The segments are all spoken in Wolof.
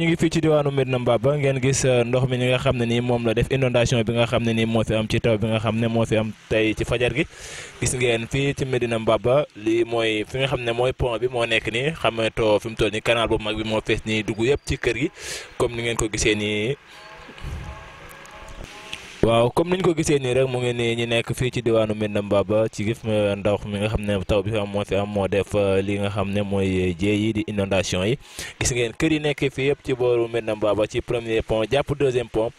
ñu ngi fii ci diwaanu Medina Mbaba ngeen gis euh, ndox mi ni nga xam ne ni moom la def inondation bi nga xam ne ni moo fi am ci taw bi nga xam ne moo fi am tey ci fajar gi gis ngeen fii ci Medina Mbaba li mooy fi nga xam ne mooy pont bi moo nekk nii xamatoo fi mu toll ni canal bu mag bi moo fees nii dugg yëpp ci kër gi comme ni ngeen ko gisee nii. waaw comme ni ñu ko gisee nii rek mu ngi nii ñu nekk fii ci diwaanu Médina ba ci gif ndox mi nga xam ne taw bi fi moo fi am moo euh, nga xam ne mooy euh, jéey yi di yi gis ngeen kër yi nekk fii yëpp ci booru Médina ba ci premier pont jàpp deuxième pont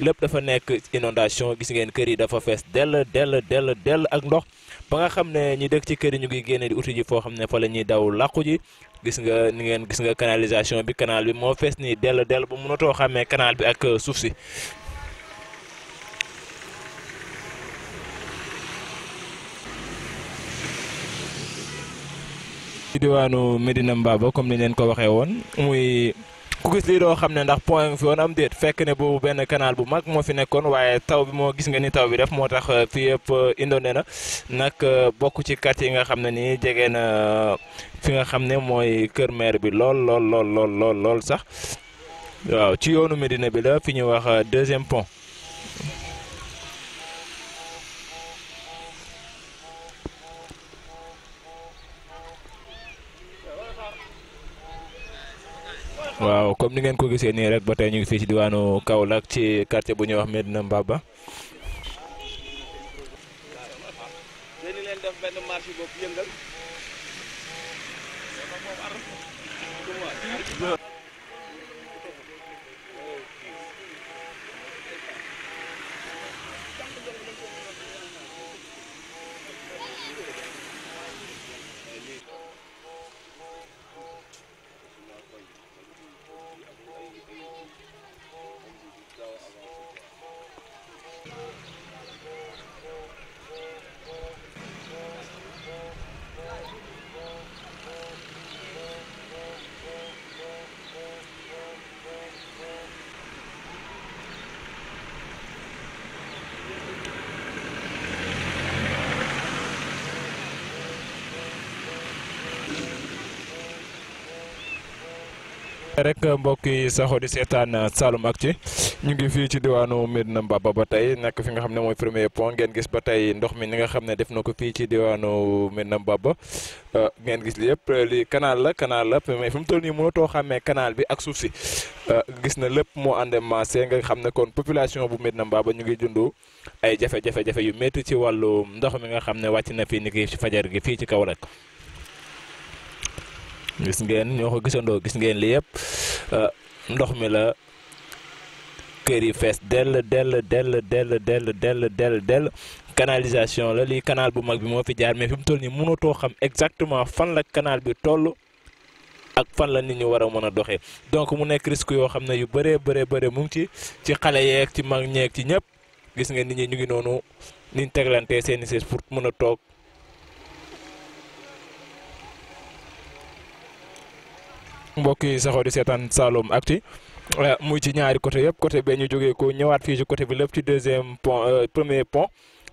lép dafa nekk inondation gis ngeen kër yi dafa fees dell dell dell dell ak ndox ba nga xam ne ñi dëkk ci kër yi ñu ngi génne di uti foo xam ne fa la ñuy daw làqu ji gis nga ni ngeen gis nga canalisation bi canal bi moo fees nii dell dell ba mënatoo xàmmee canal bi ak euh, suuf si ci diwaanu Medina Mbaba comme ni leen ko waxee woon muy ku gis lii doo xam ne ndax point bi fi am déet fekk ne boobu benn canal bu mag moo fi nekkoon waaye taw bi moo gis nga ni taw bi def moo tax euh, fii yëpp euh, indoone na nag euh, bokk ci quartier yi nga xam ne nii jege na fi nga xam ne mooy kër maire bi lool lool lool lool lool lool sax waaw ci yoonu Medina bi la fi ñuy wax deuxième pont. waaw comme ni ngeen ko gisee nii rek ba tey ñu ngi fii ci diwaanu Kaolack ci quartier bu ñuy wax Medina Mbaba. benn rek mbokk yi saxoo di seetaan Saloum ci ñu ngi fii ci diwaanu Medina Mbaba ba tey nekk fi nga xam ne mooy premier pont ngeen gis ba tey ndox mi ni nga xam ne def na ko fii ci diwaanu Medina Mbaba euh, ngeen gis li yëpp li canal la canal la mais fi mu toll nii mënatoo xàmmee kanaal bi ak suuf si euh, gis na lépp moo àndee maasee nga xam ne kon population bu Medina Mbaba ñu ngi dund ay jafe-jafe jafe yu métti ci wàllu ndox mi nga xam ne wàcc na fii ni ki ci fajar gi fii ci Kaolack gis ngeen ñoo ko gisandoo gis ngeen li yëpp ah, ndox mi la kër yi fees dell dell dell dell dell dell dell dell canalisation la li canal bu mag bi moo fi jaar mais fi mu toll nii mënatoo xam exactement fan la canal bi toll ak fan la nit ñu war a mën a doxee donc mu nekk risque yoo xam ne yu bëree bëree bëri mu ci ci xale yeeg ci mag ñeeg ci ñëpp gis nga nit ñi ñu ngi noonu niñ teglantee seeni siis pour mën a toog mbokk yi saxoo di seetaan Saloum Actu eh, muy ci ñaari côté yëpp côté bee ñu jógee ko ñëwaat fii ci côté bi lépp ci deuxième pont euh, premier pont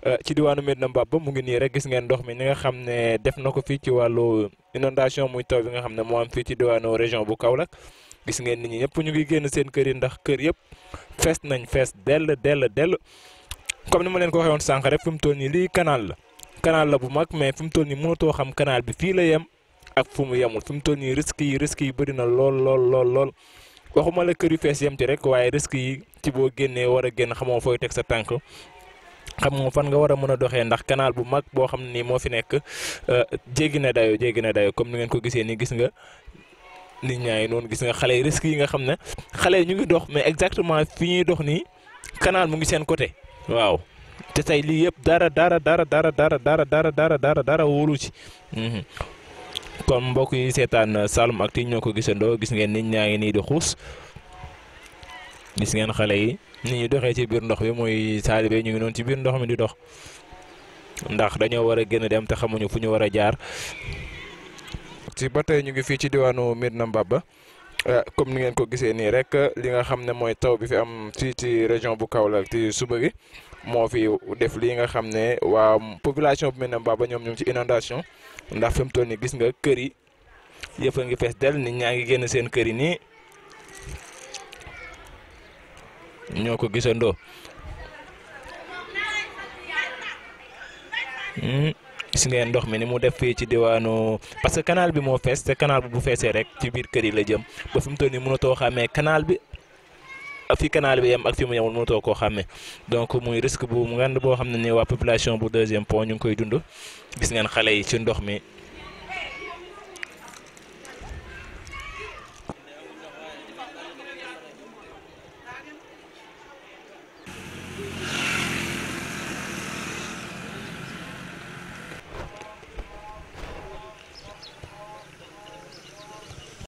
euh, ci diwaanu Medina ba mu ngi nii rek gis ngeen ndox mi ñi nga xam ne def na ko fii ci wàllu inondation muy taw bi nga xam ne moo am fii ci diwaanu région bu kaw Kaolack gis ngeen nit ñi ñëpp ñu ngi génn seen kër yi ndax kër yëpp fees nañ fees dell dell dell comme ni ma leen ko waxee woon sànq rek fi mu toll nii lii canal la canal la bu mag mais fi mu toll nii mënatoo xam canal bi fii la yem. ak fu mu yemul fu mu toll nii risques yi risques yi bëri na lool lool lool lool waxuma la kër yu fees yem ci rek waaye risques yi ci boo génnee war a génn xamoo fooy teg sa tànk. xam nga fan nga war a mën a doxee ndax canal bu mag boo xam ni moo fi nekk jéggi na dayo jéggi na dayo comme ni ngeen ko gisee ni gis nga nit ñaa ngi noonu gis nga xale yi risques yi nga xam ne xale yi ñu ngi dox mais exactement fi ñuy dox nii canal mu ngi seen côté waaw te tey lii yëpp dara dara dara dara dara dara dara dara dara wóolu ci comme mbokk yi seetaan Saloum Actu ñoo ko gisandoo gis ngeen nit ñaa ngi nii di xuus gis ngeen xale yi ni ñu doxee ci biir ndox bi mooy taalibe ñu ngi noonu ci biir ndox mi di dox ndax dañoo war a génn dem te xamuñu fu ñu war a jaar. ci ba tey ñu ngi fii ci diwaanu Medina Mbaba eh, comme ni ngeen ko gisee nii rek li nga xam ne mooy taw bi fi am fii ci région bu Kaolack ci suba bi moo fi def lii nga xam ne waa population bu mel ne Mbaba ñoom ñu ci inondation ndax fi mu toll nii gis nga kër yi yëpp a ngi fees del ni ñaa ngi génn seen kër yi nii ñoo ko gisandoo. Hmm, gis ngeen ndox mi ni mu def fii ci diwaanu parce que canal bi moo fees te canal bu feesee rek ci biir kër yi la jëm ba fi toll nii mënatoo xàmmee canal bi. fi canal bi yem ak fi mu yemul mënatoo koo xàmme donc muy risque bu ngand boo xam ne ni waa population bu deuxième pont ñu ngi koy dund gis ngeen xale yi ci ndox mi